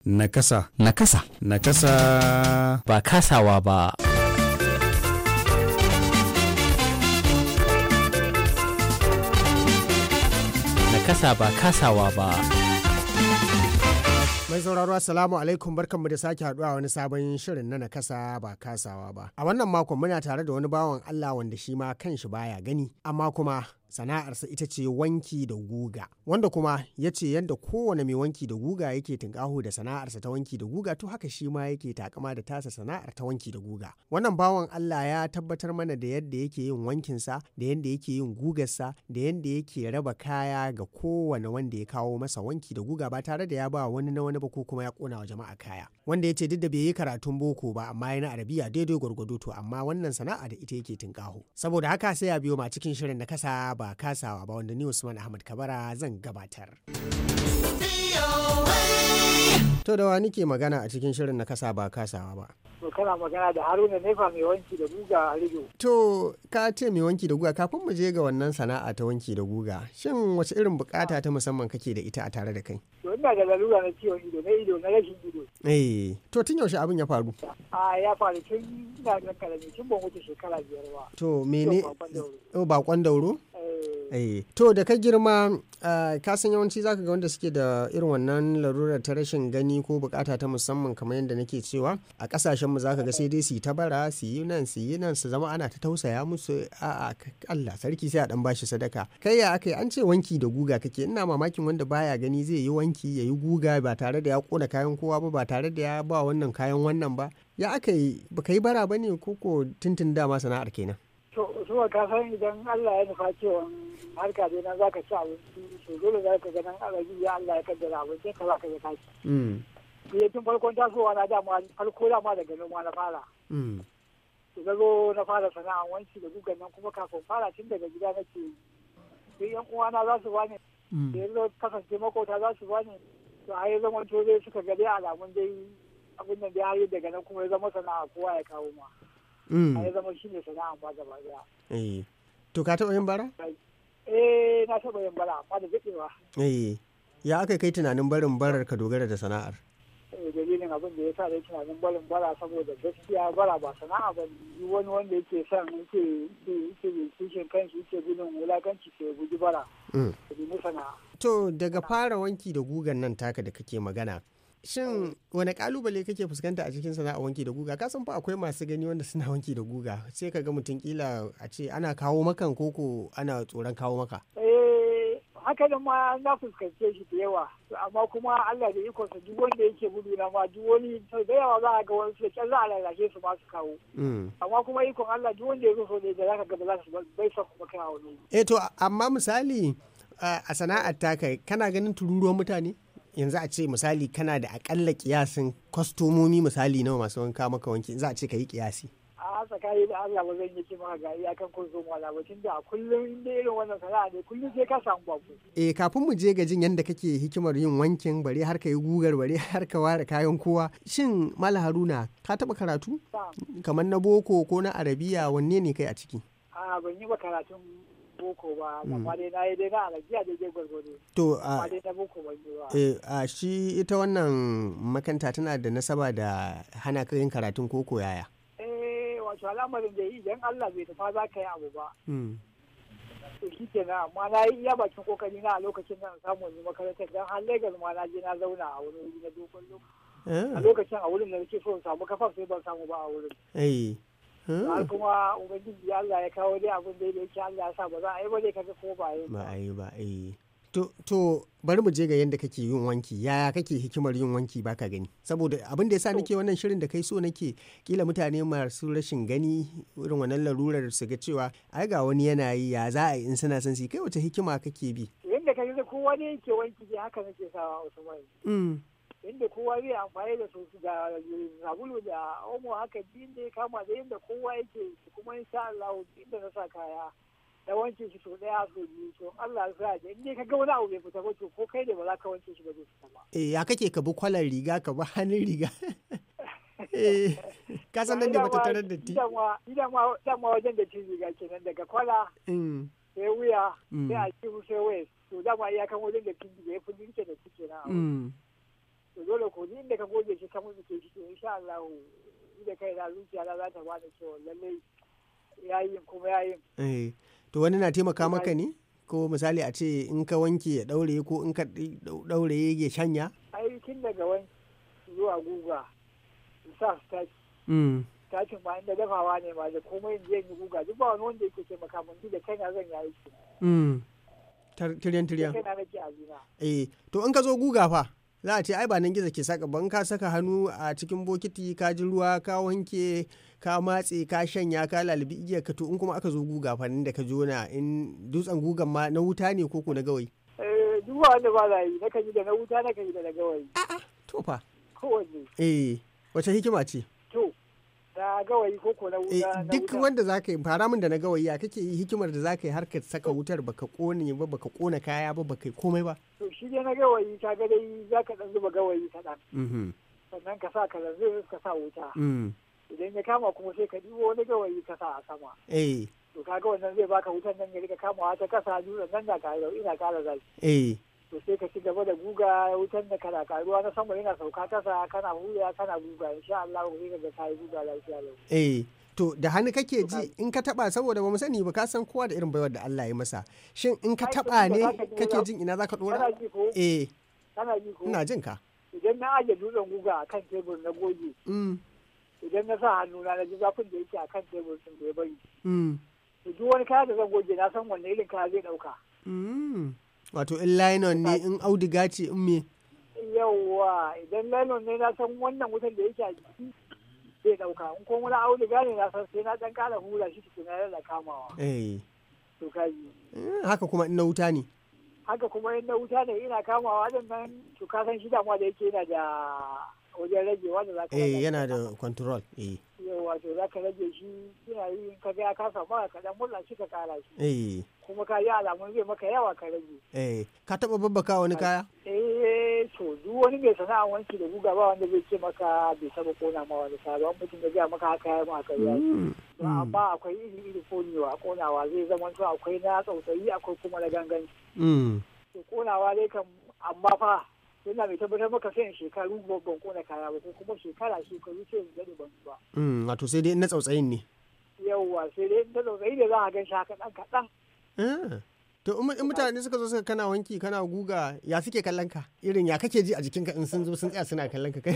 Nakasa. Nakasa. Nakasa. Ba kasawa ba. Nakasa ba kasawa ba. Mai sauraro Assalamu alaikum barkanmu da sake haduwa wani sabon shirin na nakasa ba kasawa ba. A wannan makon muna tare da wani bawan Allah wanda shi ma kan shi baya gani, amma kuma sana'arsa ita ce wanki da guga wanda kuma ya ce yadda kowane mai wanki da guga yake tunƙaho da sana'arsa ta wanki da guga to haka shi ma yake takama da tasa sana'ar ta wanki da guga wannan bawan Allah ya tabbatar mana da yadda yake yin wankinsa da yadda yake yin gugarsa da yadda yake raba kaya ga kowane wanda ya kawo masa wanki da guga ba tare da ya ba wani na wani ba ko kuma ya kona wa jama'a kaya wanda ya ce duk da bai yi karatun boko ba amma yana arabiya daidai gwargwado to amma wannan sana'a da ita yake tinkaho saboda haka sai a biyo ma cikin shirin na kasa ba kasawa ba wanda ni usman ahmad kabara zan gabatar to da wani ke magana a cikin shirin na kasa ba kasawa ba kana magana da haruna nefa mai wanki da guga a rido to ka ce mai wanki da guga kafin mu je ga wannan sana'a ta wanki da guga shin wace irin bukata ta musamman kake da ita a tare da kai to ina da lalura na ciwon ido na ido na rashin ido Eh, to tun yaushe abin ya faru? A ya faru tun ina da karami tun ban wuce shekara biyar ba. To mene? Bakon dauro? Oh, Eh, to da ka girma eh, ka san yawanci zaka ga wanda suke da irin wannan larurar ta rashin gani ko bukata ta musamman kamar yadda nake cewa a kasashen mu zaka ga sai dai su yi ta bara su yi nan su yi nan su zama ana ta tausaya musu a Allah sarki sai a dan bashi sadaka kai ya akai an ce wanki da guga kake ina mamakin wanda baya gani zai yi wanki ya yi guga ba tare da ya kona kayan kowa ba ba tare da ya ba wannan kayan wannan ba ya aka yi baka yi bara bane ko ko tuntun dama sana'ar kenan zuwa ka san idan Allah ya nufa cewa harka dai za zaka ci abinci to dole zaka ga nan alaji ya Allah ya kaddara abinci ka zaka ga kaci mm. eh tun farkon tasowa na dama farko ma daga noma na fara su mm. na zo na fara sana'a wanci da gugan nan kuma kafin fara tun daga gida nake sai yan uwana za su bani da mm. yanzu kasance makota za su bani to a yi zaman to suka ga dai alamun dai abin da ya yi daga nan kuma ya zama sana'a kowa ya kawo ma ya mm. zama shi ne sana'a ba gaba daya eh. to ka taɓa yin bara eh na taɓa yin bara amma da daɗewa eh ya aka kai tunanin barin barar ka dogara da sana'ar eh, dalilin abin da ya sa dai tunanin barin bara saboda gaskiya bara ba sana'a ba wani wanda yake son yake yake kishin kanshi yake gudun wulakanci ke guji bara da mm. sana'a to daga fara wanki da gugan nan taka da kake magana shin wani kalubale kake fuskanta a cikin sana'a wanki da guga kasan fa akwai masu gani wanda suna wanki da guga sai ka ga mutum kila a ce ana kawo makan koko ana tsoron kawo maka eh, haka da ma na fuskance shi da yawa amma kuma Allah da ikonsa duk wanda yake gudu na ma duk wani da yawa za a ga wani su za a lalace su ba su kawo hmm. amma kuma ikon Allah duk wanda ya zo so ne da zaka ga ba za su bai sa kuma kawo ne eh to amma misali a sana'ar taka kana ganin tururuwan mutane yanzu a ce misali kana da akalla kiyasin kwastomomi misali nawa masu wanka maka wanki za a ce ka yi kiyasi a tsakani da Allah ba zan yi ce maka ga iyakan kwastomo na ba tunda a kullum inda irin wannan sana'a ne kullum sai ka samu babu eh kafin mu je ga jin yanda kake hikimar yin wankin bare har ka yi gugar bare har ka ware kayan kowa shin Malam Haruna ka taba karatu kamar na boko ko na arabiya wanne ne kai a ciki a ban yi ba karatun boko ba mm. na yi dai gwargwado to a na boko ba eh, a shi ita wannan makanta tana da nasaba da hana ka yin karatun koko yaya eh wato al'amarin da yi idan Allah bai tafa za ka yi abu ba mm. to shi na amma na yi iya bakin kokari na a lokacin na samu ne makarantar dan har Lagos ma na je na zauna a wani wuri na dogon lokaci eh. a lokacin a wurin da nake so samu kafa sai ban samu ba a wurin eh. Ah. har kuma ubangiji Allah ya kawo dai abin da yake Allah ya sa ba za a yi ba dai kaga ko ba yi ba a yi ba eh to to bari mu je ga yadda kake yin wanki yaya kake hikimar yin wanki ba ka gani saboda abin da yasa nake wannan shirin da kai so nake kila mutane masu rashin gani irin wannan larurar su ga cewa ai ga wani yana yi ya za a yi in suna son su kai wace hikima kake bi yadda kaje ko wani yake wanki haka nake sawa Usman mm. inda kowa zai amfani da su da sabulu da omo haka inda ya kama da inda kowa yake kuma insha Allah inda na sa kaya da wanke shi so daya so biyu so Allah ya sa in dai ka ga wani abu bai fita ba to ko kai ne ba za ka wanke shi ba zai fita ba eh ya kake ka bi kwalar riga ka bi hannun riga eh, ka san nan da bata tarar da ti dama ma wajen da ci riga kenan daga kwala mm. sai wuya mm. sai a ci sai waye to dama iyakan wajen da ti ya fi dinke da ti kenan to dole ko ni inda ka goge shi ka mutu ke shi insha Allah inda kai na zuciya na za ta bada lalle lallai yayin kuma yayi eh to wani na taimaka maka ne ko misali a ce in ka wanke ya daure ko in ka daure ya shanya ai daga wani zuwa guga sa su taki takin ba inda dafawa ne ma da komai in je in yi guga duk ba wani wanda yake taimaka mun da na zan yi aiki mm. tiryan tiryan eh to in ka zo guga fa za a ce ai ba nan gizo ke saka ban ka saka hannu a cikin bokiti ka ji ruwa ka wanke ka matse ka shanya ka lalibi igiyar ka to in kuma aka zo guga fannin da ka na in dutsen gugan ma na wuta ne ko ko na gawayi eh duk wanda ba zai yi na kan yi da na wuta na kan yi da na gawayi a'a to fa kowanne eh wace hikima ce gawayi ko eh, duk wanda zaka yi fara min da na gawayi a kake yi hikimar da zaka yi har ka saka wutar baka kone ba baka kona kaya ba baka komai ba to shi dai na gawayi ka ga dai zaka dan zuba gawayi kaɗan mm-hmm. sannan ka sa zanzu ka sa wuta mm. idan ya kama kuma sai ka ɗibo wani gawayi ka sa a sama eh. to kaga wannan zai baka wutan nan ya rika kamawa ta kasa jura nan na kare ina kara zafi eh. to sai ka ci gaba da guga wutar da kana karuwa na sama yana sauka kasa kana huya kana guga insha Allah ku ka ga kai guga lafiya lau eh to da hannu kake ji in ka taba saboda bamu sani ba ka san kowa da irin baiwar da Allah ya masa shin in ka taba ne kake jin ina zaka dora eh kana ji ko ina jin ka idan na aje dutsen guga a kan tebur na goge mm. idan na sa hannuna na ji zafin da yake a kan tebur sun bai bari mm. duk wani kaya da zan goge na san wanne irin kaya zai dauka mm. wato in lainon ne in auduga ce in me yawwa idan lainon ne na san wannan wutan da yake a jiki zai dauka in ko wani auduga ne na san sai na dan kara hula shi na yana kamawa eh to kaji eh, haka kuma in na wuta ne haka kuma in na wuta ne ina kamawa zan nan to ka san shi damuwa da yake yana da wajen ragewa wanda za ka eh yana da control eh yawa to za ka rage shi suna yi ka ga ya kasa ba ka dan mulla shi ka kara shi eh kuma ka yi alamun zai maka yawa ka rage eh ka taba babbaka wani kaya eh to duk wani mai sana'a wanki da guga ba wanda zai ce maka bai saba kona ma wani sabon mutum da zai maka haka ya maka ya hmm, hmm. amma akwai iri iri konewa konawa zai zama to akwai na tsautsayi akwai kuma na ganganci konawa hmm. dai kam amma fa yana mai tabbatar maka sai shekaru ko na kaya ba ko kuma shekara shekaru sai in gani ban ba. Mm, wato sai dai na tsautsayin ne. yawwa sai dai na tsautsayin ne za a gan shaka haka ɗan kaɗan. Ah, to in mutane suka zo suka kana wanki kana guga ya suke kallon ka irin ya kake ji a jikinka in sun zo sun tsaya suna kallon ka kai.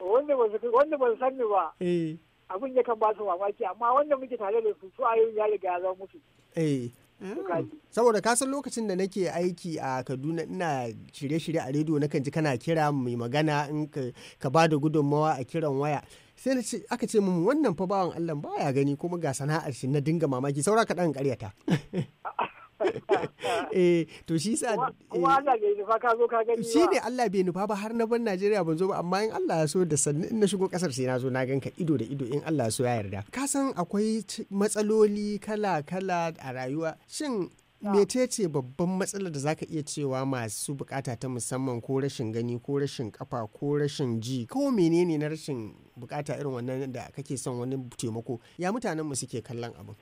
wanda ba su wanda ba su san ni ba. Eh. abin ya kan ba su mamaki amma wanda muke tare da su su ayoyin ya riga ya zama musu. Eh. saboda ka lokacin da nake aiki a kaduna ina shirye-shirye a rediyo na ji kana kira mai magana in ka ba da gudunmawa a kiran waya sai aka ce mun wannan fa bawan allah baya gani kuma ga sana'ar shi na dinga mamaki saura kaɗan karyata eh to shi sa eh, kuma Allah bai nufa ka ka gani ba shine Allah bai nufa ba har na ban Najeriya ban zo ba amma in Allah ya so da sannan in na shigo kasar sai na zo na ganka ido da ido in Allah so ya yarda ka san akwai matsaloli kala kala a rayuwa shin ah. metece babban matsalar da zaka iya cewa masu bukata ta musamman ko rashin gani ko rashin kafa ko rashin ji ko menene na rashin bukata irin wannan da kake son wani taimako ya mutanen mu suke kallon abin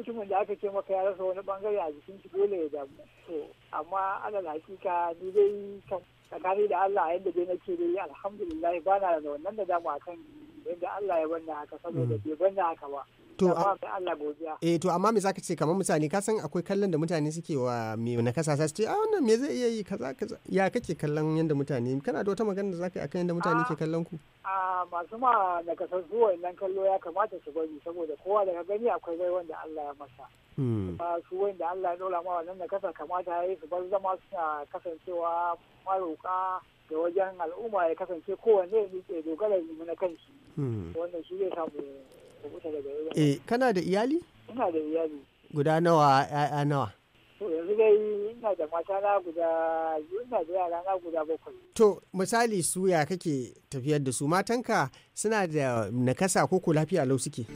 mutumin da aka ce maka ya rasa wani bangare a jikin shi dole ya damu to amma alal hakika ni dai kan tsakani da Allah yadda dai nake dai alhamdulillah bana da wannan da damu akan yadda Allah ya banna haka saboda mm. bai banna haka ba to Allah godiya eh to amma me zaka ce kamar mutane ka san akwai kallon da mutane suke wa me na kasa sa ce a ah, wannan me zai iya yi kaza kaza ya kake kallon yanda mutane kana da wata magana da zaka yi akan yanda mutane ke ah, kallon ku a ah, masu ma na kasa zuwa nan kallo ya kamata su bari saboda kowa daga gani akwai bai wanda Allah ya masa ba hmm. su wanda Allah ya dora ma wannan na kasa kamata ya yi su bar zama suna kasancewa maroka da wajen al'umma ya kasance kowanne ya miƙe dogara na kansu. Hmm. wannan shi zai samu Eh, eh kana da iyali ina da iyali guda nawa ya nawa to yanzu dai ina da mata na guda ina da yara na guda bakwai to misali suya kake tafiyar da su matanka suna da nakasa ko ko lafiya lau suke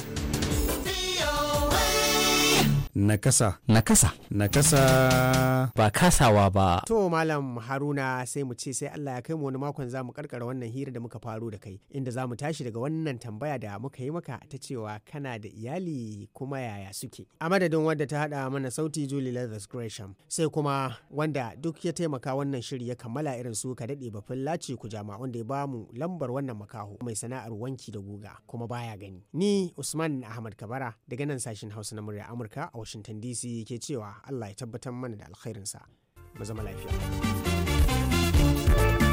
Nakasa. Nakasa. Nakasa. Ba kasawa ba. To Malam Haruna sai mu ce sai Allah ya kai mu wani makon za mu karkara wannan hira da muka faro da kai inda za mu tashi daga wannan tambaya da muka yi maka ta cewa kana da iyali kuma yaya suke. A madadin wadda ta haɗa mana sauti Julie Leathers Gresham sai kuma wanda duk ya taimaka wannan shiri ya kammala irin su ka daɗe bafin laci ku jama'a wanda ya bamu lambar wannan makaho mai sana'ar wanki da guga kuma baya gani. Ni Usman Ahmad Kabara daga nan sashen Hausa na murya Amurka a Washington DC ke cewa Allah ya tabbatar mana da alkhairinsa. Mu zama lafiya.